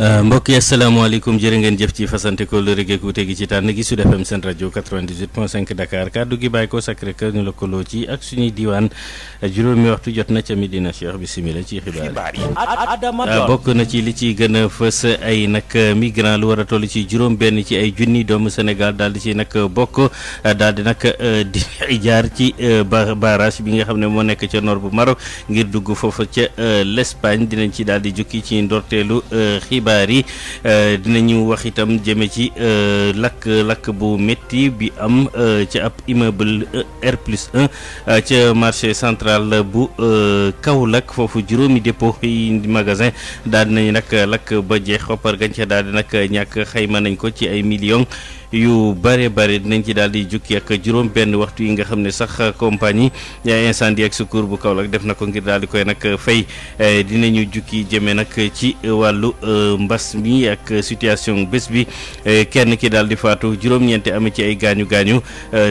Euh, mbokk yi asalaamaaleykum jërë ngeen jëf ci fasante ko lu rëggeeg wute gi ci tànn gi Sud FM seen rajo 98.5 Dakar kàddu gi bàyyi ko Sacré Cœur ñu lëkkaloo ci ak suñuy diwaan juróomi waxtu jot na ca Medina Cheikh bisimila ci xibaar yi euh, bokk na ci li ci gën a fës ay nag euh, migrant lu war a toll ci juróom benn ci ay junni doomu senegal daal di ci nag bokk daal di nag di jaar ci barrage bi nga xam ne moo nekk ca nord bu Maroc ngir dugg foofa ca l'Espagne dinañ ci daal di jukki ci ndorteelu xibaar yi euh, dinañu wax itam jëme ci lakk-lakk euh, bu métti bi am euh, ci ab immeuble R plus ca marché central bu Kaolack foofu juróomi dépôt yi magasin daal dinañu nag lakk ba jeex xoppar gañ ca daal di nag ñàkk xayma nañ ko ci ay millions. yu bare bare dinañ ci daal di jukki ak juróom benn waxtu yi nga xam ne sax compagnie incendie ak secours bu Kaolack def na ko ngir daal koy nag fay eh, dinañu jukki jëmee nag ci wàllu eh, mbas mi ak situation bés bi eh, kenn ki daal di faatu juróom-ñeenti amee ci ay gaañu gaañu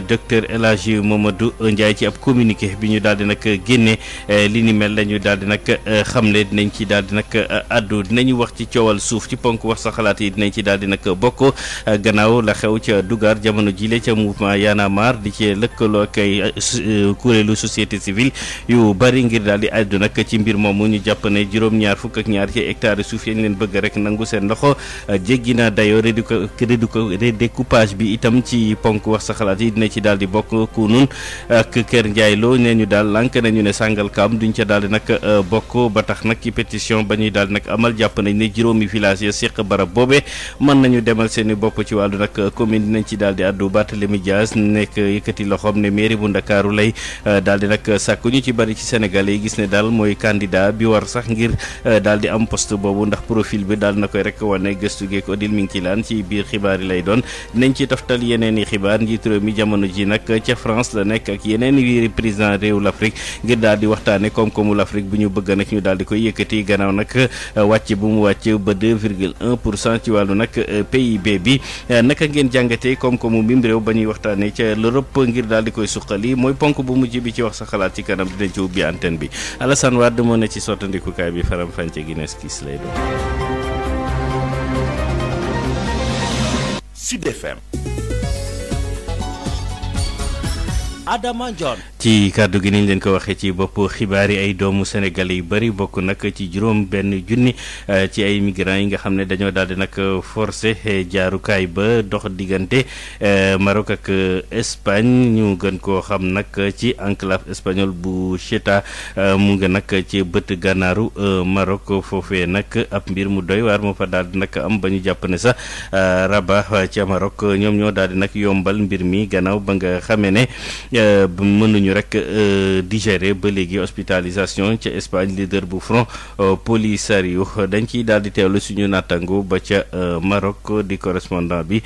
docteur El Hadji Mamadou Ndiaye ci ab communiqué bi ñu daal di nag génne li ni mel lañu daal di nag xamle dinañ ci daal di nag addu dinañu wax ci coowal suuf ci ponk wax sa xalaat yi dinañ ci daal di nag bokk xew ca Dougar jamono jile ca mouvement Y en a marre di ci lëkkaloo ak ay euh, euh, kuréelu société civile yu bari ngir daal di àddu nak ci mbir moom moomu ñu jàpp ne juróom-ñaar fukk ak ñaar ci hectare suuf leen bëgg rek nangu seen loxo euh, jéggi na dayoo redécoupage bi itam ci ponk wax sa yi dina ci daal di bokk kunun ak Kër Ndiaye loo nee ñu daal lànk nañu ne Sangalkam duñ ca daal di nag bokk ba tax nag ci pétition ba ñuy daal di nag amal jàpp juróomi village ya séq barab boobe mën nañu demal seeni bopp ci wàllu nag commune dinañ ci daal di addu Barthélémy Dias nekk yëkkati loxoom ne mairie bu ndakaaru lay euh, daal di nag sàkk ñu ci bari ci Sénégal yi gis ne daal mooy candidat bi war sax ngir euh, daal am poste boobu ndax profil bi daal na koy rek wane gëstu geek Odile mi ngi ci laan ci biir xibaar yi lay doon dinañ ci toftal yeneen i xibaar njiitu réew mi jamono ji nag ca France la nekk ak yeneen i président réew l'Afrique ngir daal di waxtaane koom-koomu l'Afrique bu ñu bëgg nak ñu daal di koy yëkkati gannaaw nag euh, wàcc bu mu wàcc ba 2 virgule 1 pour cent ci wàllu nag PIB bi naka jàngatee koom-koomu mim réew ba ñuy waxtaanee ca l'Europe ngir daal di koy suqali mooy ponk bu mujj bi ci wax sa xalaat ci kanam dina ci ubbi antenne bi Alassane waa demoon na ci sottandikukaay bi faram fànce Guinness kiis lay doon. Sud Adama Ndione. ci kàddu gi niñ leen ko waxee ci bopp xibaar yi ay doomu Sénégal yu bëri bokk nag ci juróom benn junni eh, ci ay migrants yi nga xam ne dañoo daal di nag forcé eh, jaarukaay ba dox diggante eh, Maroc ak Espagne ñu gën koo xam nag ci enclave espagnole bu Cheta mu nga nag ci bët gannaaru Maroc foofee nag ab mbir mu doy waar moo fa daal di nag am ba ñu jàpp ne sax Rabat ca Maroc ñoom ñoo daal di nag yombal mbir mi gannaaw ba nga xamee ne. Euh, mënuñu rek euh, digérer ba léegi hospitalisation ca Espagne leader bu front euh, Polisario dañ ciy daal di teewlu suñu nattango ba ca Maroc di correspondant bi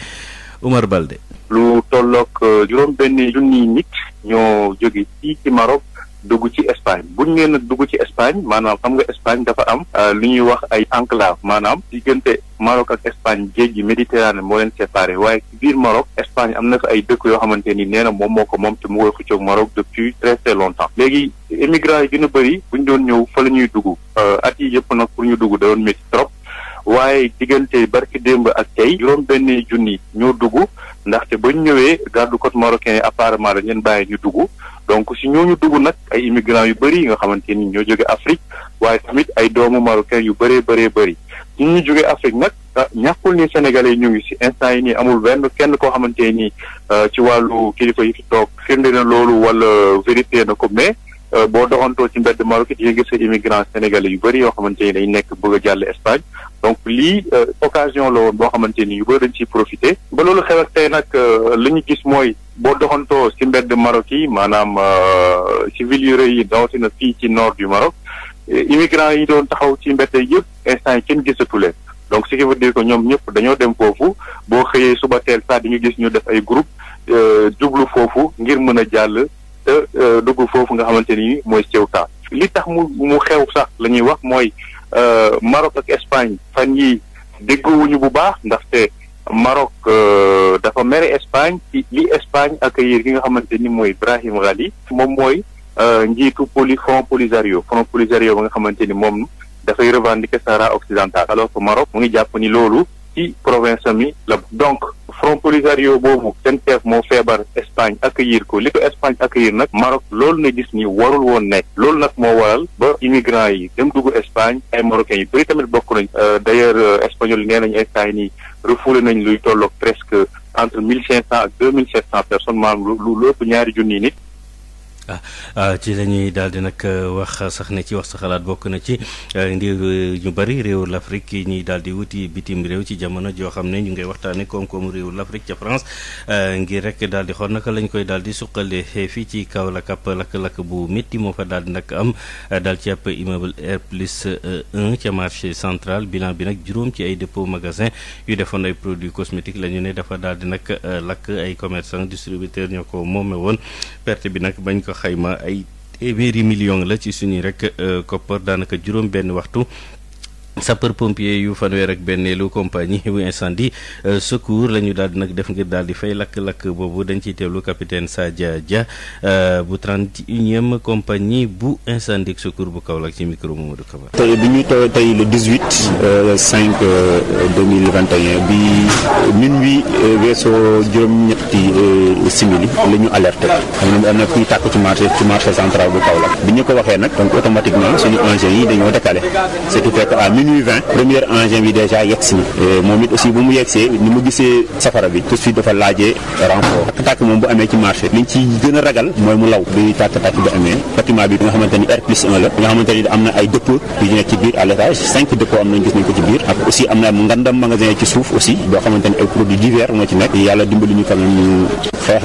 Oumar Balde. lu tolloog juróom benn junniy nit ñoo jóge fii ci Maroc. dugg ci Espagne buñ nee nag dugg ci Espagne maanaam xam nga Espagne dafa am euh, lu ñuy wax ay enclave maanaam diggante Maroc ak Espagne géej gi Méditerranée moo leen séparé waaye ci biir Maroc Espagne am na fa ay dëkk yoo xamante ni nee na moom moo ko moom te mu koy xëccoog Maroc depuis très très longtemps léegi émigrants yi gën a bëri buñ doon ñëw fa la ñuy dugg euh, at yi yëpp nag pour ñu dugg da doon trop waaye diggante barki démb ak tey juróom benn junni ñoo dugg ndaxte bañ ñëwee garde côte marocain apparemment dañ leen bàyyi ñu dugg donc si ñoo ñu dugg nag ay immigrants yu bëri yi nga xamante ni ñoo jóge Afrique waaye tamit ay doomu marocain yu bëree bëree bëri ñi ñu jógee Afrique nag ñàkkul ni Sénégalais yi ñu ngi si instant yi nii amul benn kenn koo xamante nii ci wàllu kilifa yi fi toog firnde na loolu wala vérité na ko mais boo doxantoo ci mbedd Maroc it gis sa immigrants sénégalais yu bëri yoo xamante ni dañ nekk bëgg a jàll Espagne donc lii occasion la woon boo xamante ni yu dañ ciy profité ba loolu xew tey nag li ñu gis mooy. boo doxantoo ci mbedd Maroc yi maanaam euh, ci ville yu rëy yi rawatina fii ci nord du Maroc eh, immigrants yi doon taxaw ci mbedd yëpp instant yi kenn gisatu leen donc ce qui ñoom ñëpp dañoo dem foofu boo xëyee suba teel sax di nga gis ñu def ay groupe euh, jublu foofu ngir mën a jàll te euh, dugg foofu nga xamante ni mooy Ceuta li tax mu mu xew sax la ñuy wax mooy Maroc ak Espagne fan yi déggowuñu bu baax ndaxte Maroc euh, dafa mere Espagne ci li Espagne accueillir gi nga xamante ni mooy Brahim Ghali moom mooy euh, njiitu poli front Polisario front Polisario ba nga xamante ni moom dafay revendiquer Sahara occidental alors que Maroc mu ngi jàpp ni loolu ci province mi la donc front Polisario boobu seen chef moo feebar Espagne accueillir ko li ko Espagne accueillir nag Maroc loolu na gis ni warul woon ne loolu nag moo waral ba immigrants yi dem dugg Espagne ay marocains yu bëri bokk nañ euh, d'ailleurs espagnol yi nee nañu instant refoulé nañ luy tolloog presque entre mille cinq cent ak deux mille sept cent personnes maanaam lu lu ëpp ñaari junniy nit Ah, ah ci la ñuy daal di nag ah, wax sax ne ci wax sa xalaat bokk na ci ah, ndir ñu bëri réewu l'Afrique yi ñuy daal di wuti bitim réew ci jamono joo xam ne ñu ngay waxtaane koom-koomu réewu l'Afrique ca France ngir rek daal di xool naka lañu koy daal di suqale fii ci Kaolack ab lakk-lakk bu métti moo fa daal di nag am daal ci ab immeuble R plus 1 ca marché central bilan bi nag juróom ci ay dépôt magasin yu defoon ay produits cosmétiques la ñu ne dafa daal di nag lakk ay commerçant distributeur ñoo ko moome woon xayma ay téeméeri million la ci suñu rek euh, koppar daanaka juróom benn waxtu sapeur pompier yu fanweer ak benneelu compagnie wu incendie euh, secours la ñu daal di nag def ngir daal di fay lakk-lakk boobu dañ ciy teewlu capitaine Sadia Dia euh, bu trent e compagnie bu incendie ak secours bu Kaolack ci micro Mamadou Kaba. tey bi ñu tawee tey le 18 5 2021 bi minuit euh, weesoo juróom-ñetti simili la ñu xam na kuy tàkk ci marché ci marché central bu Kaolack bi ñu ko waxee nag donc automatiquement suñu engins yi dañoo décalé ce qui fait minuit 20 premier engin bi déjà yegg si na euh, moom it aussi bu mu yeggsee ni mu gisee safara bi tout de suite dafa laajee renfort takk-takk moom bu amee ci marché liñ ci gën a ragal mooy mu law bi takk-takk bi amee bâtiment bi nga xamante ni R plus 1 la nga am na ay dépôt yu nekk ci biir à l'étage cinq dépôt am nañ gis nañ ko ci biir ak aussi am na ngandam magasin ci suuf aussi boo xamante ni ay produits divers moo ci nekk yàlla dimbali ñu quand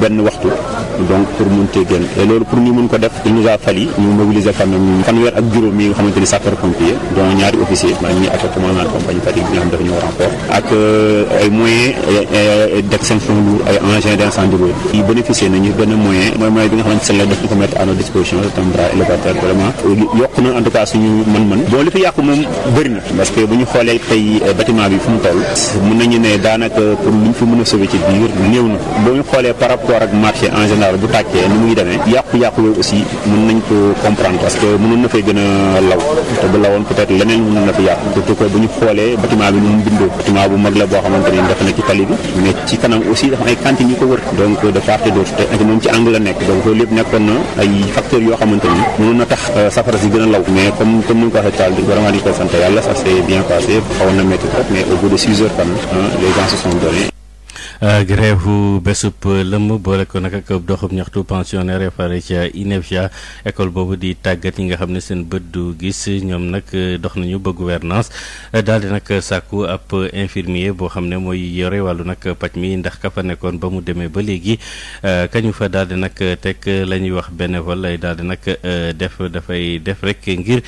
même donc pour mun cee génn et loolu pour ñu mun ko def il nous a fallu ñu mobiliser quand fanweer ak juróom yi nga xamante ni sapeur pompier donc ñaari officier maanaam ñi ak commandant compagnie Fatick bi euh, ay moyens d'extinction lourd ay engins d'incendie lourd yi bénéficier nañu ñu ko mettre à notre disposition tam bras élévateur vraiment yokk na en tout suñu mën-mën bon li fi yàqu moom bëri parce que bu ñu xoolee tey euh, bâtiment bi fu mu toll mën nañu ne daanaka pour liñ fi mën a sauver ci biir néew na boo ñu xoolee par rapport ak marché en général daal bu tàkkee ni muy demee yàqu-yàqu yooyu aussi mën nañ ko comprendre parce que mënoon na fay gën a law te bu lawoon peut leneen mënoon na fi yàqu bu ñu xoolee bâtiment bi nu mu bindoo bâtiment bu mag la boo xamante dafa nekk tali bi mais ci kanam aussi dafa ay cantines yu ko wër donc de part et moom ci angle la nekk donc loolu nekkoon na ay facteurs yoo xamante ni na tax euh, safara si gën a law mais comme comme ni nga ko waxee taal di ko sant Euh, grève bésub lëmm boole ko nag ak doxub ñaxtu pensionnaire ya fare ca INEFJA école boobu di tàggat yi nga xam ne seen bët du gis ñoom nag euh, dox nañu ba gouvernance euh, daal di nag sàkku ab infirmier boo xam ne mooy yore wàllu nag paj mi ndax ka fa nekkoon ba mu demee ba léegi kañu fa daal di nag teg la ñuy wax bénévole lay daal di nag def dafay def rekk ngir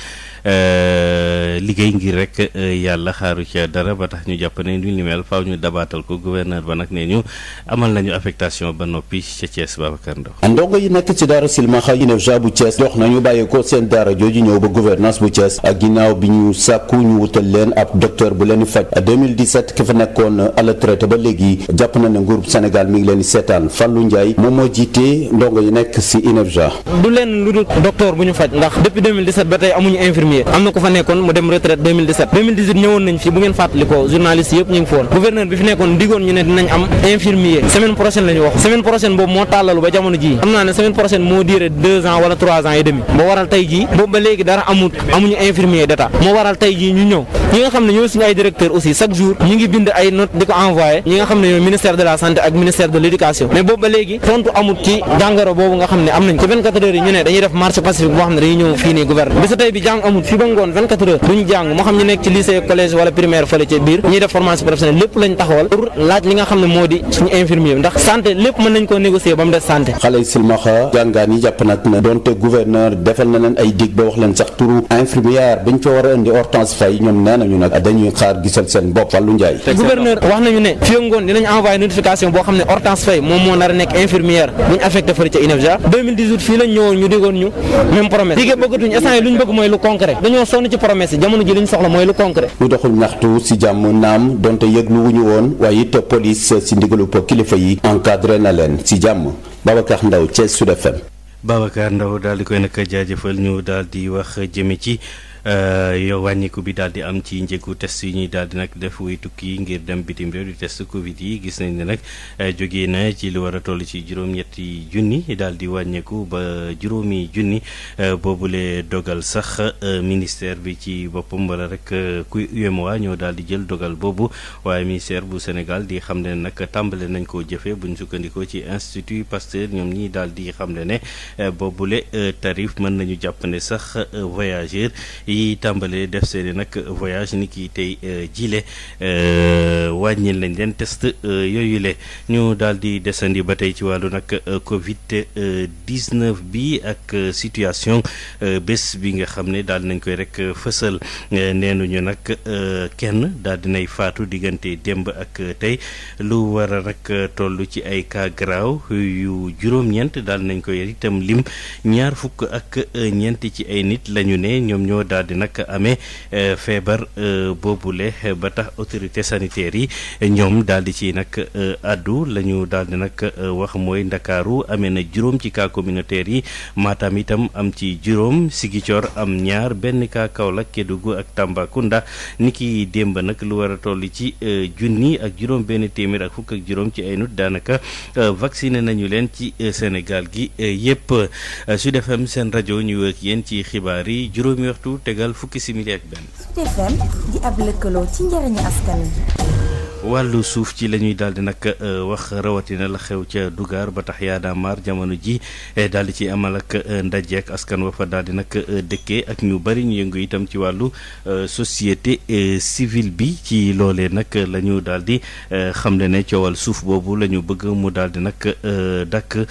Euh, liggéey ngir rek euh, yàlla xaaru ca dara ba tax ñu jàpp ne lu ni mel faaw ñu dabaatal ko gouverneur ba nag nee ñu amal nañu affectation ba noppi ca Thiès Babacar Ndao ndongo yi nekk ci daara silmaxa INEFJA bu Thiès dox nañu bàyyeekoo seen daara jooju ñëw ba gouvernance bu Thiès ak ginnaaw bi ñu sàkku ñu wutal leen ab docteur bu leen faj 2017 ki fa nekkoon à la traité ba léegi jàpp na ne nguurub Sénégal mi ngi leen di seetaan Fallou njaay moom moo jiite ndongo yi nekk si INEFJA du premier am na ku fa nekkoon mu dem retraite 2017 2018 ñëwoon nañ fi bu ngeen fàttalikoo journaliste yëpp ñu ngi foon gouverneur bi fi nekkoon digoon ñu ne dinañ am infirmier semaine prochaine la wax semaine prochaine boobu moo tàllalu ba jamono ji xam naa ne semaine prochaine moo diire deux ans wala trois ans et demi ba waral tey jii boobu ba léegi dara amut amuñu infirmier d'état moo waral tey jii ñu ñëw ñu ngi nga xam ne ñooy ministère nga xam ne am amul fi ba ngoon 24 heures jàng moo xam ñu nekk ci lycée collège wala primaire fële ca biir ñuy def formation professionnelle lépp lañ taxawal pour laaj li nga xam ne moo di suñu infirmier ndax santé lépp mën nañ koo négocier ba mu des santé xale yi silmaxa jàngaan yi jàpp nag ne donte gouverneur defal na leen ay dig ba wax leen sax turu infirmière biñ fa war a indi Hortense Faye ñoom nee nañu nag dañuy xaar gisal seen bopp wàllu njaay gouverneur wax nañu ne concret dañoo sonn ci promesse yi jamono ji li ñu soxla mooy lu concret ñu doxul ñaxtu si jàmm naam donte yëg lu wuñu woon waaye it police si ndigalub kilifa yi encadré na leen si jàmm Babacar Ndaw Thiès Sud FM Babacar Ndaw daal di koy nag jaajafal ñu daal di wax jëme ci Euh, yow wàññiku bi daal di am ci njëgu test yi ñuy daal di nag def wuy tukki ngir dem bitim réew di test Covid yi gis nañ ne nag euh, jóge na ci li war a toll ci juróom-ñetti junni daal di wàññeeku ba juróomi junni euh, boobule dogal sax ministère bi ci boppam wala rek kuy UMOA ñoo daal di jël dogal boobu waaye ministère bu Sénégal di xam ne nag tàmbale nañ koo jëfee buñ sukkandikoo ci institut Pasteur ñoom ñi daal di xam ne ne boobule tarif mën nañu jàppande sax voyageur yi tàmbalee def seeni nag voyage ni ki tey euh, jile euh, wàññil nañ leen test euh, yooyu le ñu daal di desandi ba tey ci wàllu nag Covid 19 bi ak situation bés bi nga xam ne daal nañ koy rek fësal neenu ñu nag kenn daal nay faatu diggante démb ak tey lu war a nag toll ci ay cas grave yu juróom-ñeent daal nañ koy itam lim ñaar fukk ak ñeent ci ay nit lañu ne ñoom ñoo daal daal di nag amee eh, feebar eh, boobule eh, ba tax autorité sanitaire yi ñoom daal di ci nag addu la ñu daal di nag wax mooy ndakaaru amee na juróom ci cas communautaire yi maatam itam am ci juróom Sigicoor am ñaar benn cas Kaolack Kédougou ak Tambacounda ni ki démb nag lu war a toll ci junni ak juróom benn téeméer ak fukk ak juróom ci ay nit daanaka vacciné nañu leen ci Sénégal gi yépp Sud FM seen rajo ñu wëkk yéen ci xibaar yi juróomi waxtu tegal fukki simili ak benn. di ab lëkkaloo ci njëriñu askan wi. wàllu suuf ci la ñuy daal di nag euh, wax rawatina la xew ca Dugar ba tax Y'en a marre jamono ji euh, daal di ci amal ak euh, ndaje ak askan wa fa daal di nag dëkkee ak ñu bari ñu yëngu itam ci wàllu société civile bi ci loolee nag la ñu daal di xamle ne coowal suuf boobu la ñu bëgg mu daal di nag dàkk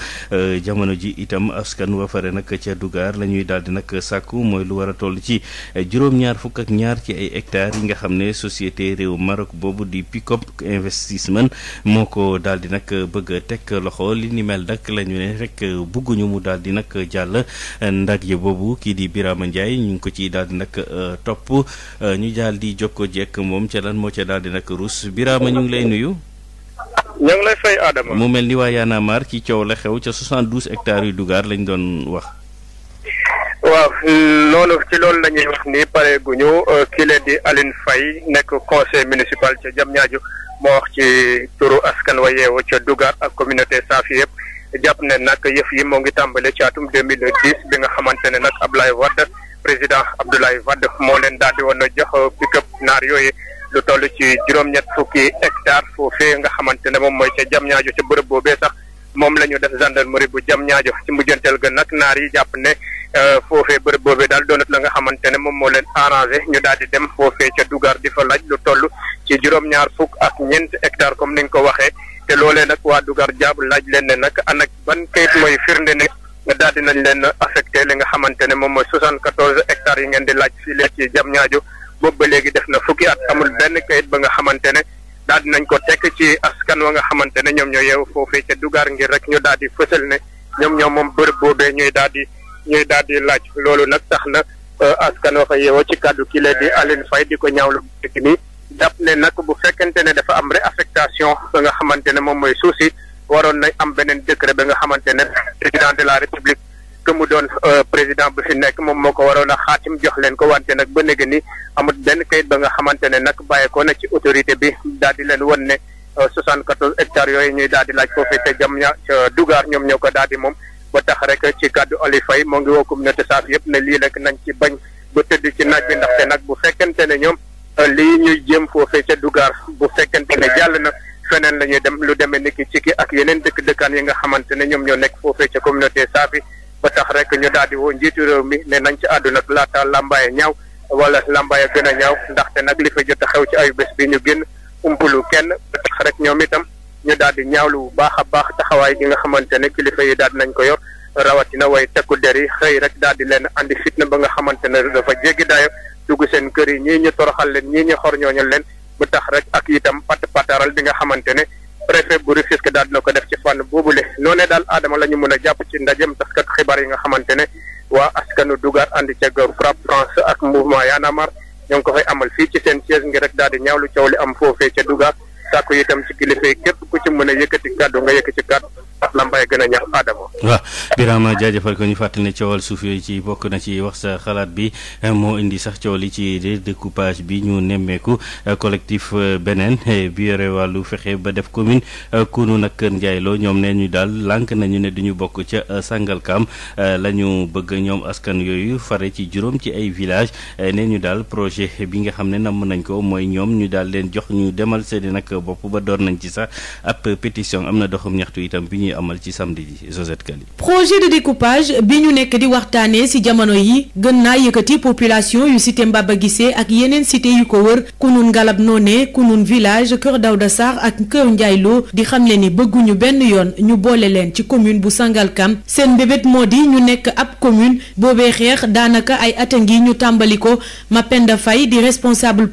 jamono ji itam askan wa fare nag ca dugaar la ñuy daal di nag sàkku mooy lu war a toll ci juróom-ñaar fukk ak ñaar ci ay hectares yi nga xam ne société réew Maroc boobu di PICOP Diop investissement moo ko daal di nag bëgg a teg loxo li ni mel nag la ñu ne rek bëgguñu mu daal di nag jàll ndag yi boobu kii di Birama Ndiaye ñu ngi ko ci daal di nag euh, topp euh, ñu daal di jokko jekk moom ca lan moo ca daal di nag ruus Birama ñu ngi lay nuyu. ñoo ngi lay fay Adama. mu mel ni waa Yaana Mar coow la xew ca 72 yu dugaar lañ doon wax. waaw loolu ci loolu la ñuy wax ni pare gu ñu euh, kii leen di Aline Faye nekk conseil municipal ca Diamniadio moo wax ci turu askan wa yeewu ca Dougar ak communauté Safi yëpp jàpp ne nag yëf yi moo ngi tàmbale ci atum deux mille dix bi nga xamante ne nag Abdoulaye Wade président Abdoulaye Wade moo leen daal di woon a jox pick-up naar yooyu lu toll ci juróom-ñett fukki hectare foofee nga xamante ne moom mooy ca Diamniadio ca bërëb boobee sax moom la ñu def gendarmerie bu Diamniadio ci mujjanteel ga nag naar yi jàpp ne. Euh, foofee bërëb boobee daal doonat la nga xamante ne moom moo leen arrangé ñu daal di dem foofee ca Dugar di fa laaj lu toll ci juróom-ñaar fukk ak ñeent hectares comme ni nga ko waxee te loolee nag waa Dugar jaab laaj leen ne nag ana ban kayit mooy firnde ne daal di nañ leen affecté li nga xamante ne moom mooy soixante-quatorze hectares yi ngeen di laaj fii léegi ci jam ñaajo boobu ba léegi def na fukki at amul benn kayit ba nga xamante ne daal di nañ ko tek ci askan wa nga xamante ne ñoom ñoo yeewu foofee ca Dugar ngir ñu daal di fësal ne ñoom ñoo moom bërëb boobee ñuy daal di ñuy daal di laaj loolu nag tax na euh, askan wa fa yeewoo ci kàddu kii la di Aline Faye di ko ñaawlu bu nii jàpp ne nag bu fekkente ne dafa am réaffectation ba nga xamante ne moom mooy suuf si waroon na am beneen décret ba nga xamante ne président de la république que mu doon euh, président bu fi nekk moom moo ko waroon a xaatim jox leen ko wante nag ba léegi ni amut benn kayit ba nga xamante ne nag bàyyeekoo nag ci autorité bi daal di leen won ne euh, soixante-quatorze hectares yooyu ñuy daal di laaj foofu te jam ña ñoom ñoo ko daal di moom ba tax rek ci kàddu Aliou moo ngi woo communauté saaf yëpp ne lii rek nañ ci bañ ba tëdd ci naaj bi ndaxte nag bu fekkente ne ñoom euh, lii ñuy jëm foofee ca Dugar bu fekkente ne jàll na feneen lañuy dem lu demee ni ki ci ki ak yeneen dëkk dëkkaan yi nga xamante ne ñoom ñoo nekk foofee ca communauté saaf yi ba tax rek ñu daal di woo njiitu réew mi ne nañ ci àdduna laata làmbaay ñaaw wala làmbaay a gën a ñaaw ndaxte nag li fa jot a xew ci ayu bés bi ñu génn umpalu kenn ba ñoom itam ñu daal di ñaawlu bu baax a baax taxawaay gi nga xamante ne kilifa yi daal di nañ ko yor rawatina way takku der xëy rek daal di leen andi fitna ba nga xamante ne dafa jéggi dayo dugg seen kër yi ñii ñu toroxal leen ñii ñu xor ñooñal leen bu tax rek ak itam pat pataral bi nga xamante ne préfet bu Rufisque daal dina ko def ci fànn boobule noonee daal aadama la ñu mën a jàpp ci ndajem taskat xibaar yi nga xamante ne waa askanu dugaar andi ca FRAPP France ak mouvement Y en a marre ñoo ngi ko amal fii ci seen siège ngir rek daal di ñaawlu coow li am foofee ca dugaar sàkku itam ci kilifa yi képp ku ci mën a yëkkati kàddu nga yëkkati kàddu lambay gën a ñax aadama waaw Birama jaajëfal ko ñu fàttali ne coowal suuf yooyu ci bokk na ci wax sa xalaat bi eh, moo indi sax coow li ci découpage bi ñu nemmeeku eh, collectif eh, beneen bi yore fexe ba def commune Kounoune ak Kër Ndiaye ñoom nee ñu daal lànk nañu ne duñu bokk ca Sangalkam lañu bëgg ñoom askan yooyu fare ci juróom ci ay village nee ñu daal projet bi nga xam ne namm nañ ko mooy ñoom ñu daal leen jox ñu demal seeni nag dëkkandoo bopp ba door nañ ci sax ab pétition am na doxum ñaxtu itam bi ñuy amal ci samedi ji Josette Kali projet de découpage bi ñu nekk di waxtaanee ci jamono yi gën naa yëkkati population yu cité Mbaba Guissé ak yeneen cité yu ko wër kunun ngalab noone kunun village kër Daouda Sarr ak kër Ndiaye di xamle ni bëgguñu benn yoon ñu boole leen ci commune bu Sangalkam seen mbébét moo di ñu nekk ab commune boobee xeex daanaka ay at a ñu tàmbali ko Mapenda Faye di responsable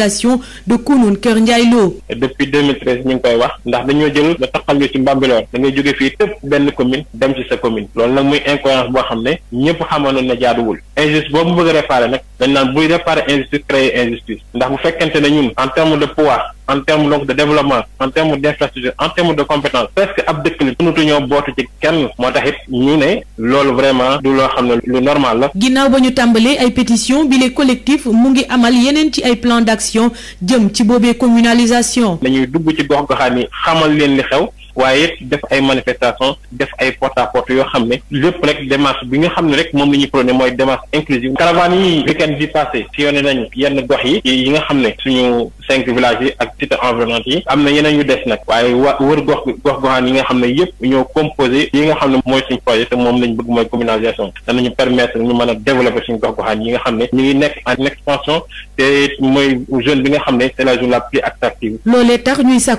réalisation de Kounoun Kër Ndiaye Lo. depuis 2013 ñu ngi koy wax ndax dañoo jël ba taxal ñu ci Mbambilor da ngay jóge fii tëpp benn commune dem ci sa commune loolu nag muy incohérence boo xam ne ñëpp xamanoon na jaaduwul injustice mu bëgg a réparer nag dañ naan buy réparer injustice créer injustice ndax bu fekkente ne ñun en terme de pouvoir en termes donc de développement en termes d'infrastructure en termes de compétence presque ab dëkk li mënatu ñoo bootu ci kenn moo tax it ne loolu vraiment du loo xam ne lu normal la. ginnaaw ba ñu tàmbalee ay pétition bi les collectifs mu ngi amal yeneen ci ay plan d'action jëm ci boobee communalisation. dañuy dugg ci gox goxaan yi xamal leen li xew. waaye it def ay manifestation def ay porte à porte yoo xam ne lépp rek démarche bi nga xam ne rek moom la ñuy prôné mooy démarche inclusive caravane yi week-end bi passé sillonné nañ yenn gox yi yi nga xam ne suñu cinq villages yi ak cité environnante yi am na yeneen yu des nag waaye wa wër gox gox goxaan yi nga xam ne yëpp ñoo composé yi nga xam ne mooy suñu projet te moom lañ bëgg mooy communalisation danañu permettre ñu mën a développer suñu gox goxaan yi nga xam ne ñu ngi nekk en expansion te mooy bi nga xam ne c'est la jeune la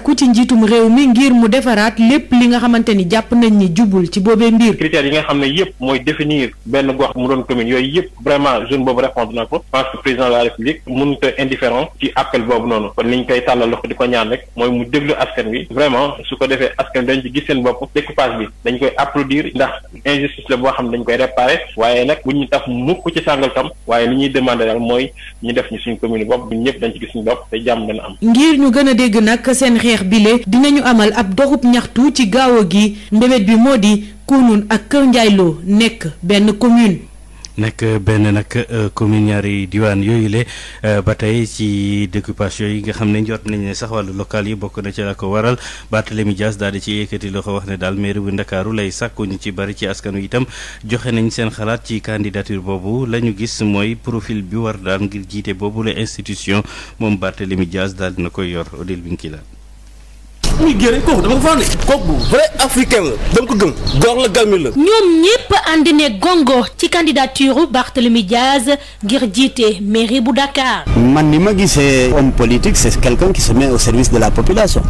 plus defaraat lépp li nga xamante ni jàpp nañ ni jubul ci boobee mbir. critères yi nga xam ne yëpp mooy définir benn gox mu doon commune yooyu yëpp vraiment de la république mënut a su ko defee askan dañ ci gis seen bopp découpage bi dañ koy applaudir ndax injustice la boo xam ne dañ koy réparer waaye nag bu ñu taf mukk ci sàngal tam waaye li ñuy demander daal mooy ñu def ñu commune bopp bu ñëpp dañ gis suñu bopp te jàmm dana am. ngir ñu gën a dégg nag seen xeex bile dinañu amal ñaxtu ci gaaw gi mbébét bi moo di Kounoune ak Kër Ndiaye nekk benn commune. nekk benn nag euh, commune ñaari diwaan yooyu le euh, ba tey ci découpage yi nga xam ne njort nañ ne sax wàllu local yi bokk na ci la ko waral Barthélémy Dias daal di ci yëkkati loxo wax ne daal mairie bu Ndakaaru lay sàkkuñu ci bari ci askanu itam joxe nañ seen xalaat ci candidature boobu la ñu gis mooy profil bi war daal ngir jiite boobu la institution moom Barthélémy Dias daal dina koy yor Odile Binkila muy génn kooku dama ko fànn. kooku vrai africain la dama ko gëm. góor la gàmmi la. ñoom ñëpp ànd ne gongo ci candidature Barthélemy Diaz ngir jiite mairie bu Dakar. man ni ma gisee homme politique c'est quelqu'un qui se met au service de la population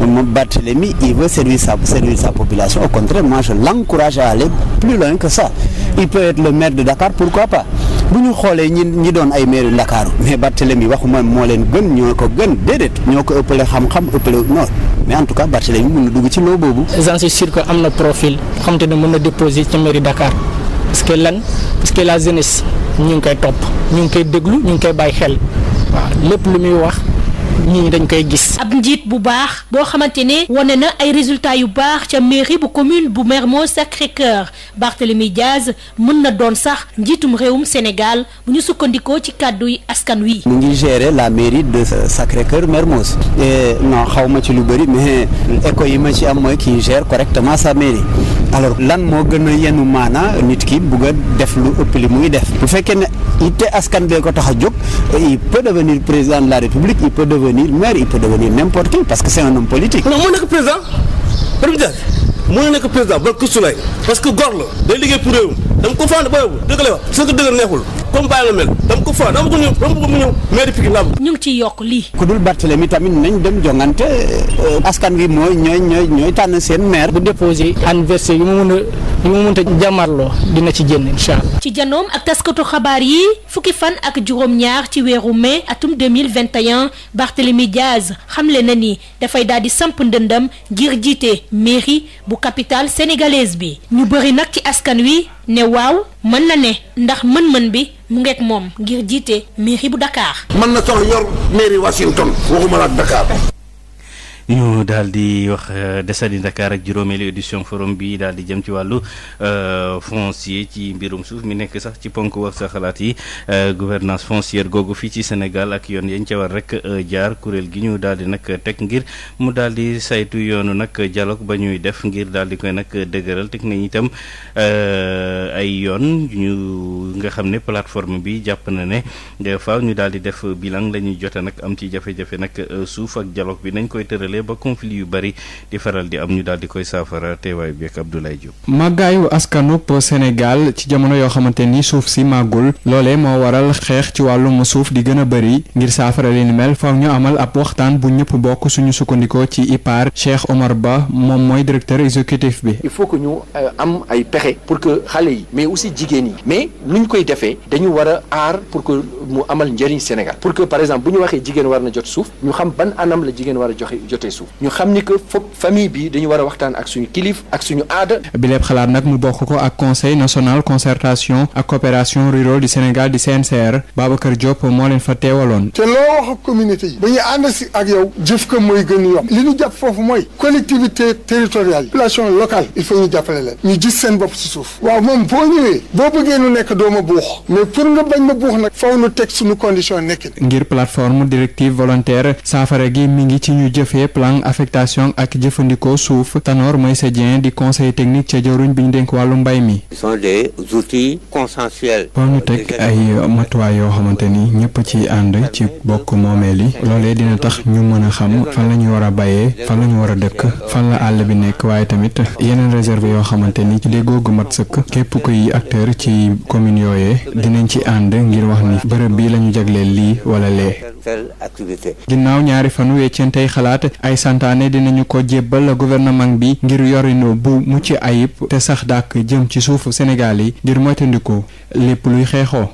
moom Barthélemy il veut servir sa servir sa population au contraire moi je l'encourage à aller plus loin que ça il peut être le maire de Dakar pourquoi pas. bu ñu xoolee ñi ñi doon ay maire Ndakaaru mais Barthélemy waxuma moo leen gën ñoo ko gën déedéet ñoo ko ëppale xam-xam ëppale mais en tout cas Barthélémy na dugg ci loo boobu. j'en suis sûr que am na profil xam te ne mën na déposer ci mairie Dakar parce lan parce la jeunesse ñu ngi koy topp ñu ngi koy déglu ñu ngi koy bàyyi xel lépp lu muy wax. nit dañ koy gis. ab njiit bu baax boo xamante ne wane na ay résultats yu baax ca mairie bu commune bu Mermoz Sacré-Cœur Barthélémy Diaz mën na doon sax njiitum réewum Sénégal bu ñu sukkandikoo ci kàddu yi askan wi. mu ngi gere la mairie de Sacré-Cœur Mermoz. non xaw ma ci lu bëri mais écho yi ma ci am mooy kii gère correctement sa mairie. alors lan moo gën a yenu maana nit ki bugg a def lu ëpp li muy def bu fekkee ne itte askan bee ko tax a jóg il peut de devenir maire il peut devenir n'importe qui parce que c'est un homme moo nekk président président moo nekk président ba Kousulaay parce que gor day liggéey pour réewum dama ko fànn booyoo dëgg lay wax su ko ñëw dama ko ñëw maire ñu ngi yokk lii. ku dul Barthélemy tamit nañ dem jongante euh, askan wi mooy ñooy ñooy tànn seen maire. bu déposé anniversaire yu mu mën a bi mu mënta jàmmarloo dina ci génn incha ci janoom ak taskatu xabaar yi fukki fan ak juróom-ñaar ci weeru mai atum 2021 Barthélémy Diaz xamle na ni dafay daal di samp ndëndam ngir jiite mairie bu capitale sénégalaise bi ñu bëri nag ci askan wi ne waaw mën na ne ndax mën-mën bi mu ngeek moom ngir jiite mairie bu dakaar mën na sax yor mairie Washington waxuma ak Dakar. ñu daal di wax euh, desandi Dakar ak juróomeelu édition forum bi daal di jëm ci wàllu euh, foncier ci mbirum suuf mi nekk sax ci ponk wax sa xalaat yi euh, gouvernance foncière googu fii ci Sénégal ak yoon yañ ca war rek jaar kuréel gi ñu daal di nag teg ngir mu daal di saytu yoonu nag dialogue ba ñuy def ngir daal di koy nag dëgëral teg nañ itam ay yoon ñu nga xam ne plateforme bi jàpp na ne faaw ñu daal di def bilan lañuy ñuy nag am ci jafe-jafe nag suuf ak dialogue bi nañ koy tëral loolee ba conflit yu bari di faral di am ñu daal di koy saafara teewaay bi ak ci jamono yoo xamante ni suuf si màggul loolee moo waral xeex ci wàllum suuf di gën a bari ngir saafara li ni mel faw ñu amal ab waxtaan bu ñëpp bokk suñu sukkandikoo ci IPAR Cheikh Omar Ba moom mooy directeur exécutif bi. il faut que ñu euh, am ay pexe pour que xale yi mais aussi jigéen yi mais ñu koy defee dañu war a aar pour que mu amal njëriñ Sénégal pour que par exemple bu ñu waxee jigéen war jot suuf ñu xam ban anam a joxe jot jotee suuf ñu xam ni que foog famille bi dañu war a waxtaan ak suñu kilif ak suñu aada. bi lépp xalaat nag mu bokk ko ak conseil national concertation ak coopération rurale du Sénégal di CNCR Babacar Diop moo leen fa teewaloon. te loo wax ak communauté yi. dañuy ànd si ak yow. jëf ko mooy gën yomb. li ñu jàpp foofu mooy. collectivité territoriale yi. population locale il faut ñu jàppale leen. ñu gis seen bopp si suuf. waaw moom boo ñëwee. boo bëggee nu nekk doo buux. mais pour nga bañ ma buux nag. faw nu teg suñu condition nekkin. ngir plateforme directive plan affectation ak jëfandikoo suuf Tanor Moïse Dieng di conseil technique ca jawriñ bi ñu denk wàllu mbay mi. ce sont des outils consensuels. boo ñu teg ay matuwaay yoo xamante ni ñëpp ci ànd ci bokk moomeel yi loolee dina tax ñu mën a xam fan la ñu war a bayee fan la ñu war a dëkk fan la àll bi nekk waaye tamit yeneen réserve yoo xamante ni ci déggoo gu mat sëkk képp kuy acteur ci commune yooye dinañ ci ànd ngir wax ni bërëb bii la ñu jagleel lii wala lee. telle ginnaaw ñaari fanu weccentey xalaat ay santaane dinañu ko jébbal gouvernement bi ngir yorinu bu mucc ayib te sax dàkk jëm ci suufu Sénégal yi ngir moytandiku lépp luy xeexoo.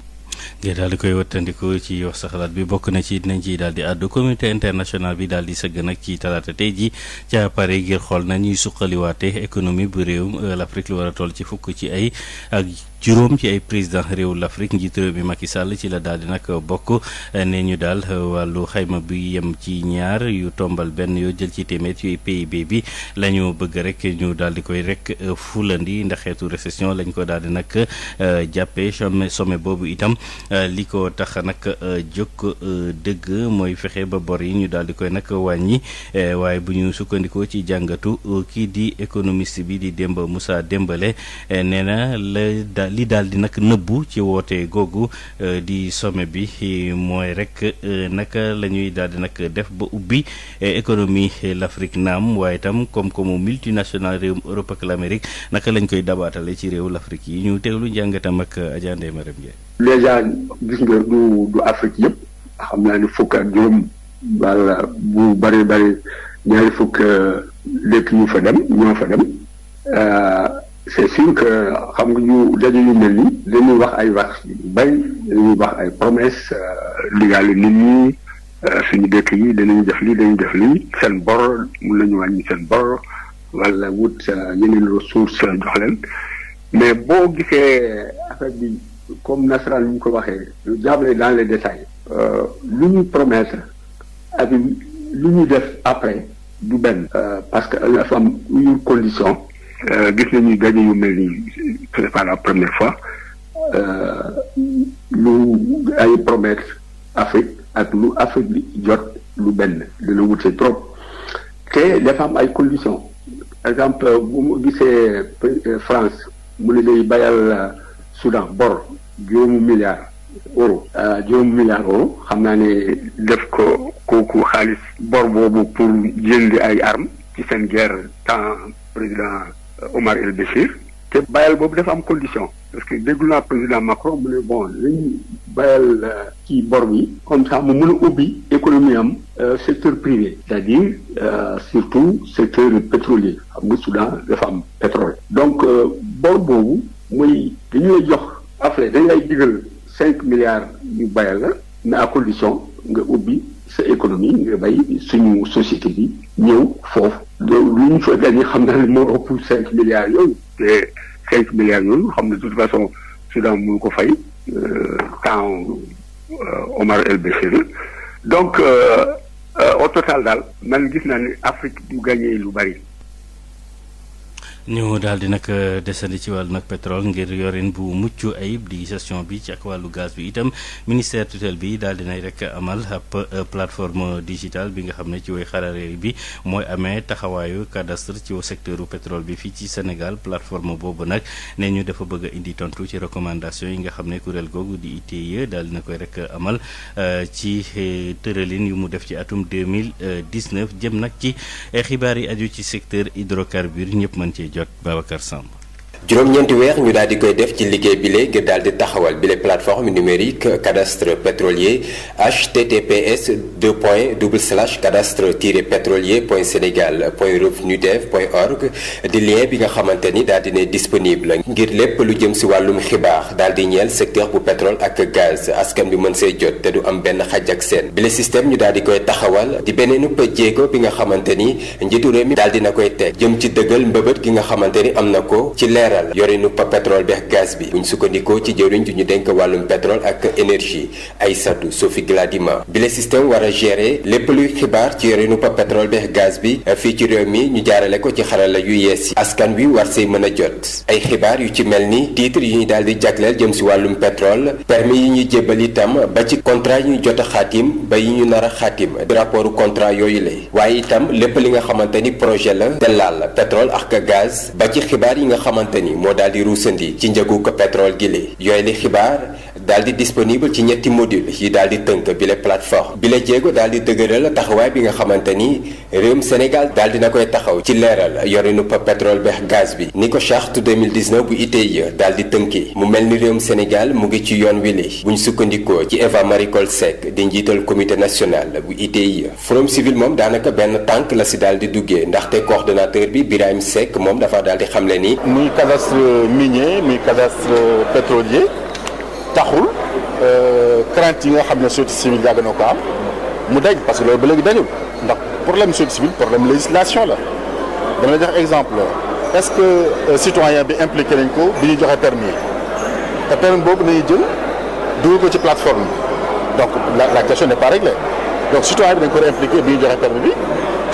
ngir daal di koy wattandiku ci wax sa xalaat bi bokk na ci dinañ ci daal di àddu communauté internationale bi daal di sëgg nag ci talaata tey ji ca Paris ngir xool na ñuy suqaliwaate économie bu réewum euh, l'Afrique lu war a toll ci fukk ci ay ak. juróom ci ay président réewu l'Afrique njiit réew mi Macky Sall ci la daal di bokk ne ñu daal wàllu xayma bi yem ci ñaar yu tombal benn yoo jël ci téeméer ci PIB bi la ñu bëgg rek ñu daal di koy rek fulandi ndax xeetu récession lañ ko daal di nag euh, jàppee sommet sommet boobu itam euh, li ko tax nag euh, jóg dëgg mooy fexe ba bor yi ñu daal di koy nag wàññi waaye bu ñu sukkandikoo ci jàngatu kii di économiste bi di Demba Moussa Dembélé nee na la li daal di nag nëbbu ci woote googu euh, di sommet bi euh, mooy rek euh, naka lañuy ñuy daal di nag def ba ubbi économie l'Afrique naam waaye itam koom-koomu multinational réewum Europe ak l'Amérique naka lañ koy dabaatale ci réewu l'Afrique yi ñu teewlu njàngatam ak Adja Ndeye Marème Ndiaye. déjà gis nga du Afrique yëpp xam naa ni fukk ak juróom walla bu bari bari ñaari fukk dëkk ñu fa dem ñoo fa dem. c'est sûr que xam nga ñu daje yu mel ni dañuy wax ay wax bay dañuy wax ay promesse digaale euh, nit ñi euh, suñu dëkk yi danañ def lii danañ def lii seen bor mun nañu wàññi seen bor wala wut euh, yeneen ressource jox leen mais boo gisee affaire bi comme nasaraan ni ñu ko waxee lu jàppale dans les détails lu ñu promettre ak lu ñu def après du benn parce que dafa am une condition Euh, gis nañu daje yu mel nii c'est pas la première fois euh, lu ay promesse Afrique ak lu Afrique bi jot lu benn dina wute trop te dafa am ay conditions par exemple bu mu gisee France mu ne day bayal Soudan bor juróomu milliard euro euh, juróomu milliard euro xam naa ne def ko kooku xaalis bor boobu pour jënd ay arm ci seen guerre temps président Omar El Béchir te bayal boobu dafa am condition parce que déglu naa président Macron mu ne bon lañu bayal ci euh, bor bi comme ça mu mën a ubbi économie am euh, secteur privé c'est-à-dire euh, surtout secteur pétrolier xam nga Soudan dafa am pétrole donc bor boobu mooy dañu lay jox affaire dañ lay digal cinq milliards yu bayal la mais à condition nga ubbi sa économie nga bay suñu société bi ñëw foofu loolu lu ñu fa gagné xam naa ne moo ëpp cinq milliards yooyu te cinq milliards yooyu xam ne de Soudan mënu ko fay temps euh, euh, Omar El Béchiri donc euh, au total daal man gis naa ne Afrique du gagné lu bari. ñu daal di nag euh, desandi ci wàllu nag pétrole ngir yorin bu mucc ayib di gestion bi ci wàllu gaz bi itam ministère tutelle bi daal dinay rek amal ab euh, plateforme digitale bi nga xam ne ci way xarale bi mooy amee taxawaayu cadastre ci secteur pétrole bi fii ci Sénégal plateforme boobu nag ne ñu dafa bëgg indi tontu ci recommandation yi nga xam ne kuréel googu di ITIE daal dina koy rek amal euh, ci tëralin yi mu def ci atum 2019 jëm nag ci xibaar yi aju ci secteur hydrocarbure ñëpp mën cee Diack Babacar Samb juróom-ñeenti weer ñu daal di koy def ci liggéey bile ngir daal di taxawal bile plateforme numérique cadastre pétrolier https deux point double slash cadastre tiré pétrolier point sénégal point renudev point org di lien bi nga xamante ni daal di ne disponible ngir lépp lu jëm si wàllum xibaar daal di ñeel secteur bu pétrole ak gaz askan bi mën see jot te du am benn xaj ak seen bile système ñu daal di koy taxawal di beneen jéego bi nga xamante ni njiitu réew mi daal dina koy teg jëm ci dëggal mbëbët gi nga xamante ni am na ko leeral yorinu pa pétrole bi ak gaz bi buñ sukkandikoo ci jëriñ ju ñu denk wàllum pétrole ak énergie Aïssatou Sophie Gladima bile système war a gérer lépp luy xibaar ci yorinu pa pétrole bi ak gaz bi fii ci réew mi ñu jaarale ko ci xarala yu yees yi askan wi war say mën a jot ay xibaar yu ci mel ni titre yi ñu daal di jagleel jëm si wàllum pétrole permis yi ñuy jébbal itam ba ci contrat yi ñu jot a xaatim ba yi ñu nar a xaatim di rapportu contrat yooyu la waaye itam lépp li nga xamante ni projet la te laal pétrole ak gaz ba ci xibaar yi nga xamante xamante moo daal di ruusandi ci njëgu ko pétrole gi li yooyu li xibaar daal di disponible ci ñetti module yi daal di tënk bile plateforme bile jéego daal di dëgëral taxawaay bi nga xamante ni réewum Sénégal daal di na koy taxaw ci leeral yorinu pa pétrole beex gaz bi ni ko charte 2019 bu ITIE daal di tënkee mu mel ni réewum Sénégal mu ngi ci yoon wi li buñ sukkandikoo ci Eva Marie Coll Seck di njiital comité national bu ITIE Forum Civil moom daanaka benn tànk la si daal di duggee ndaxte coordonnateur bi Birahim Seck moom dafa daal di xamle ni. muy cadastre minier muy cadastre pétrolier. taxul euh, crainte yi nga xam ne société civile yàgg na ko am mu dañ parce que loolu ba léegi dañul ndax problème société civile problème législation la dama la jox exemple est-ce que euh, citoyen bi impliqué nañ ko bi ñu joxe permis te permis boobu nañu jël dugal ko ci plateforme bi donc la la question n'est pa réglée donc citoyen bi dañ ko war a impliqué bi ñu joxe permis bi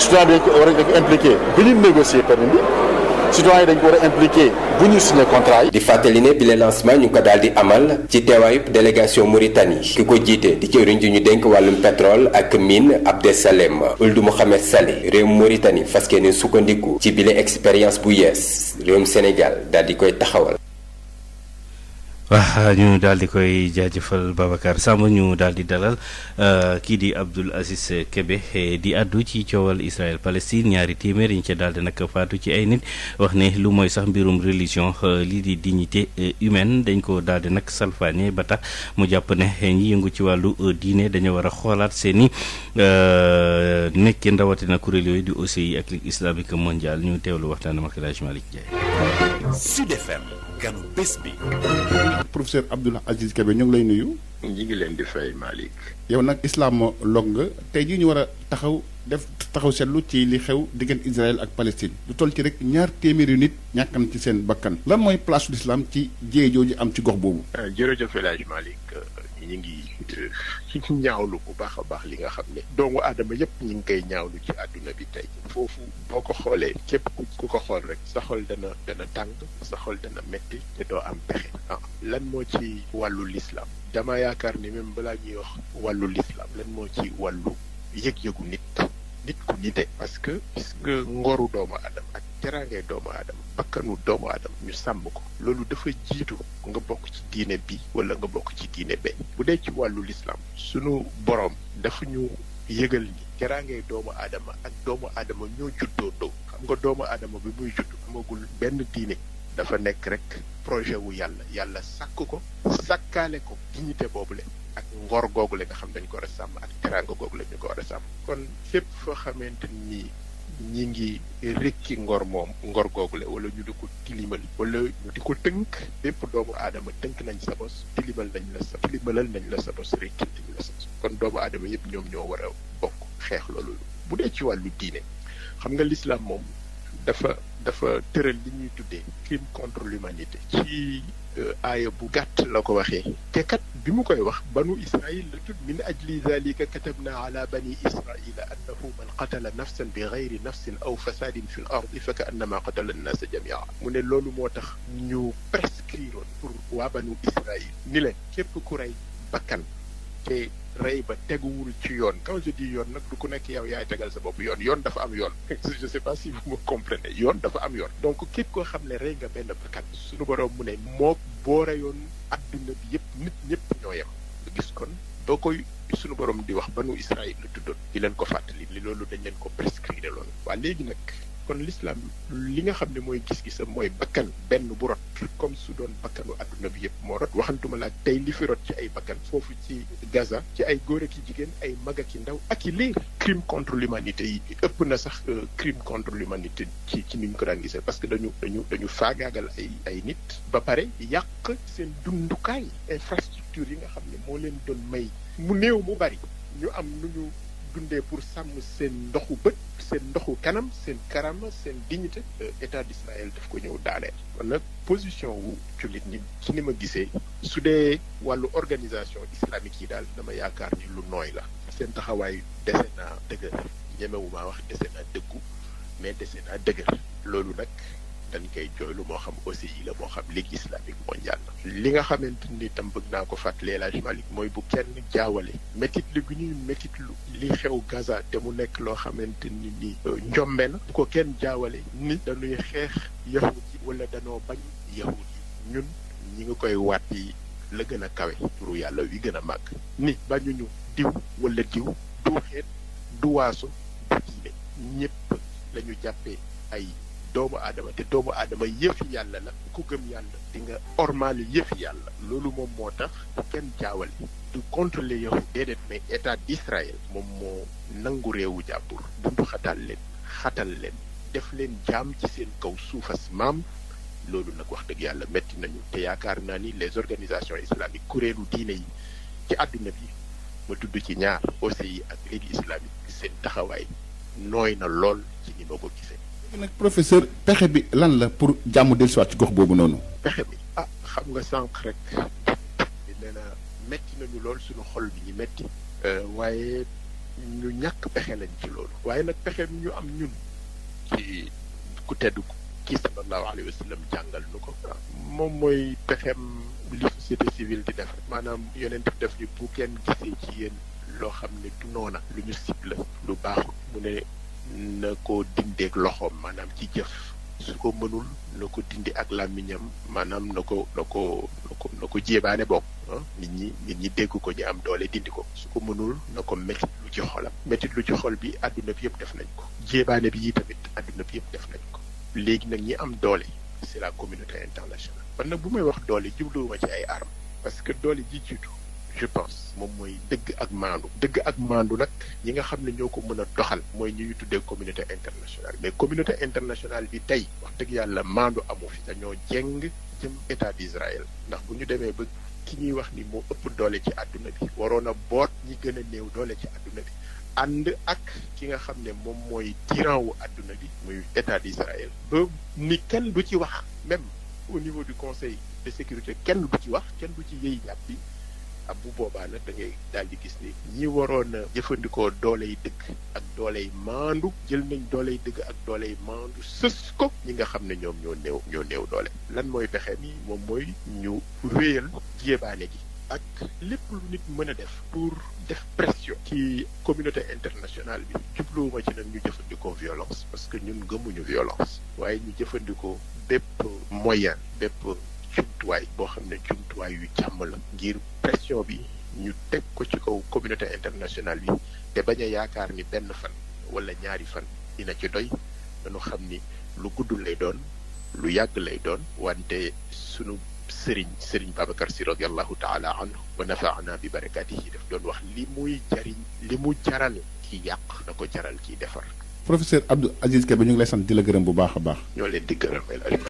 citoyen bi dañ ko war a impliqué bi ñu négocier permis bi citoyen yi dañ ko war a bu ñu signé contrat di fàttali ne bile lancement ñu ko daal di amal ci teewaayub délégation Mauritanie ki ko jiite di jëwriñ ji ñu denk wàllum pétrole ak mine Abdesalem Ould Mohamed Saleh réewum Mauritanie fas yéene sukkandiku ci bile expérience bu yees réewum Sénégal daal di koy taxawal. waa ah, ñu daal di koy jaajëfal Babacar Samb ñu daal di dalal euh, kii di Abdoul Aziz kebe eh, di àddu ci coowal Israël Palestine ñaari téeméer ñu ca daal di nag faatu ci ay nit wax ne lu mooy sax mbirum religion eh, lii di dignité eh, humaine dañ ko daal di nag salfaane ba tax mu jàpp ne ñi yëngu ci wàllu diine dañoo war a xoolaat seen i nekkin rawatina kuréel yooyu di OCI ak Ligue islamique mondial ñu teewlu waxtaan ak El Hadj Malick ganu bés bi. professeur Abdoul Aziz Kébé ñu ngi lay nuyu. ñu ngi leen di fay Malick. yow nag islamologue nga tey jii ñu war a taxaw def taxaw seetlu ci li xew diggante Israël ak Palestine lu toll ci rek ñaar téeméeri nit ñàkk ci seen bakkan lan mooy place du islam ci jéey jooju am ci gox boobu. Euh, jërëjëf El ñu ngi euh, ñaawlu bu baax a baax li nga xam ne doomu aadama yëpp ñu ngi koy ñaawlu ci àdduna bi tey foofu boo ko xoolee képp ku ko xool rek sa xol dana dana tàng sa xol dana métti te doo am pexe ah lan moo ci wàllu lislaam dama yaakaar ni même balaa ñuy wax wàllu lislaam lan moo ci wàllu yëg-yëgu nit nit ku nite parce que ngoru doomu aadama ak teraangay doomu aadama bakkanu doomu aadama ñu sàmm ko loolu dafa jiitu nga bokk ci diine bi wala nga bokk ci diine be bu dee ci wàllu lislaam sunu boroom dafa ñu yëgal ni teraangay doomu aadama ak doomu aadama ñoo juddoo doo xam nga doomu aadama bi muy judd amagul benn diine dafa nekk rek projet wu yàlla yàlla sàkk ko sàkkaale ko dignité le ak ngor googu la nga xam dañ ko war a sàmm ak teraanga googu la ñu ko war a sàmm kon fépp foo xamante nii ñi ngi rekki ngor moom ngor googule wala ñu di ko tilimal wala ñu di ko tënk bépp doomu aadama tënk nañ sa bos tilimal nañ la sa tilimalal nañ la sa bos rekki nañ la sa bos kon doomu aadama yëpp ñoom ñoo war a bokk xeex loolu bu dee ci wàllu diine xam nga lislaam moom dafa dafa tëral li ñuy tuddee crime contre l'humanité ci aaya bu gàtt la ko waxee te kat bi mu koy wax banu israil la tudd min ajli zalika katabna ala bani israila annahu man qatala nafsan bi gayri nafsin aw fasadin fi l ardi fa ka annama qatala annaasa jamia mu ne loolu moo tax ñu prescriroon pour waa banu israil ni leen képp ku rey bakkan te rey ba wul ci yoon quand je yoon nag du ku nekk yow yaay tegal sa bopp yoon yoon dafa am yoon je sais pas si vous me yoon dafa donc képp koo xam ne rey nga benn bakkan suñu boroom mu ne mook boo reyoon adduna bi yëpp nit ñëpp ñoo yam gis kon boo koy suñu borom di wax banu Israël la tuddoon di leen ko fàttali li loolu dañ leen ko prescrire loolu waa léegi nag kon l'islam li nga xam ne mooy gis-gisam mooy bakkan benn bu rot comme su doon bakkanu adduna bi yëpp moo rot waxantuma laa tey li fi rot ci ay bakkan foofu ci Gaza ci ay góor ak jigéen ay mag ak ndaw ak i liir crime contre l'humanité yi ëpp na sax euh, crime contre l'humanité ci ci ni ñu ko daan gisee parce que dañu dañu dañu faagaagal ay ay nit ba pare yàq seen dundukaay infrastructure yi nga xam ne moo leen doon may mu néew mu bari ñu am nu ñu dundee pour sàmm seen ndoxu bët seen ndoxu kanam seen karama seen dignité euh, état d'Israël daf ko ñëw daaneel kon nag position wu jullit ñi su ni ma gisee su dee wàllu organisation islamique yi daal dama yaakaar ni lu nooy la seen taxawaay dese naa dëgër ñemewu maa wax dese naa dëggu mais dese naa dëgër loolu nag dañ koy jooylu moo xam OCI la moo xam ligue islamique mondiale la li nga xamante ni tam bëgg naa ko fàttali El Hadj Malick mooy bu kenn jaawale métit li gu ñuy métit lu li xew Gaza te mu nekk loo xamante ni nii euh, njombe la bu ko kenn jaawale ni dañuy xeex yahud yi wala danoo bañ yahud yi ñun ñi ngi koy waat yi la gën a kawe turu yàlla wi gën a màgg ni bañuñu diw wala diw du xeet du waaso du diine ñëpp la jàppee ay doomu aadama te doomu aadama yëfi yàlla la ku gëm yàlla di nga ormaal yëfi yàlla loolu moom moo tax kenn jaawale du contrôler yow déedéet mais état d'Israël moom moo nangu réewu jàppur bundu xatal leen xatal leen def leen jaam ci seen kaw suufas maam loolu nag wax dëgg yàlla métti nañu te yaakaar naa ni les organisations islamiques kuréelu diine yi ci àdduna bi ma tudd ci ñaar OCI ak Ligue islamique seen taxawaay nooy na lool ci ni ma ko nag professeur pexe bi lan la pour jàmm dellusiwaat ci gox boobu noonu. pexe bi ah xam nga sànq rek nee na metti nañu lool suñu xol bi ñu metti euh, waaye ñu ñàkk pexe lañ ci loolu. waaye nag pexe bi ñu am ñun ci ku tedd kii sallallahu alayhi wa sallam jàngal nu ko. moom mooy pexem li société civile di def maanaam yonent def ni bu kenn gisee ci yéen loo xam ne du noona lu ñu ciblé lu baaxul mu ne. na ko dindeeg loxoom maanaam ci jëf su ko mënul na ko dindi ak làmmiñam maanaam na ko na ko na ko na ko jéebaane bokk ah. nit ñi nit ñi dégg ko ñu am doole dindi ko su ko mënul na ko métit lu ci xolam métit lu ci xol bi àdduna bi yëpp def nañ ko jéebaane bi yi tamit àdduna bi yëpp def nañ ko léegi nag ñi am doole c'est la communauté internationale man nag bu may wax doole jubluwuma ci ay armes parce que doole ji jiitu je pense moom mooy dëgg ak maandu dëgg ak maandu nag ñi nga xam ne ñoo ko mën a doxal mooy ñi ñuy tuddee communauté internationale mais communauté internationale bi tey wax dëgg yàlla maandu amu fi dañoo jeng jëm état d'Israël ndax bu ñu demee ba ki ñuy wax ni moo ëpp doole ci àdduna bi waroon a boot ñi gën a néew doole ci àdduna bi ànd ak ki nga xam ne moom mooy tyran wu àdduna bi muy état d'Israël ba ni kenn du ci wax même au niveau du conseil de sécurité kenn du ci wax kenn du ci yëy yàpp ab bu boobaa nag da ngay daal di gis ni ñi waroon a jëfandikoo doole yi dëgg ak doole yi maandu jël nañ doole yi dëgg ak doole yi maandu sës ko ñi nga xam ne ñoom ñoo néew ñoo néew doole lan mooy pexe nii moom mooy ñu wéyal jéebaane gi ak lépp lu nit mën a def pour def pression ci communauté internationale bi jubluwuma ci nag ñu jëfandikoo violence parce que ñun gëmuñu violence waaye ñu jëfandikoo bépp moyen bépp jumtuwaay boo xam ne jumtuwaay yu càmm la ngir pression bi ñu teg ko ci kaw communauté internationale bi te bañ a yaakaar ni benn fan wala ñaari fan dina ci doy dañu xam ni lu gudd lay doon lu yàgg lay doon wante sunu sëriñ sëriñ Babacar si radiallahu taala anhu wa nafaana bi barakaatihi daf doon wax li muy jariñ li mu jaral ki yàq na ko jaral kiy defar professeur Abdou Aziz Kébé ñu ngi lay sant di la gërëm bu baax baax ñoo leen di gërëm